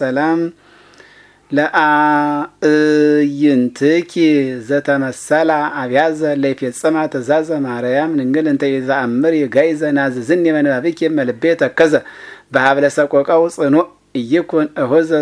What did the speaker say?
ሰላም ለአእይንትኪ ዘተመሰላ አብያዘ ለይፌጽማ ትእዛዘ ማርያም ንግል እንተ ይዘአምር ይጋይዘ ናዝዝን የመንባብኪ መልቤ ተከዘ በሀብለ ሰቆቃው ጽኑዕ እይኩን እሁዘ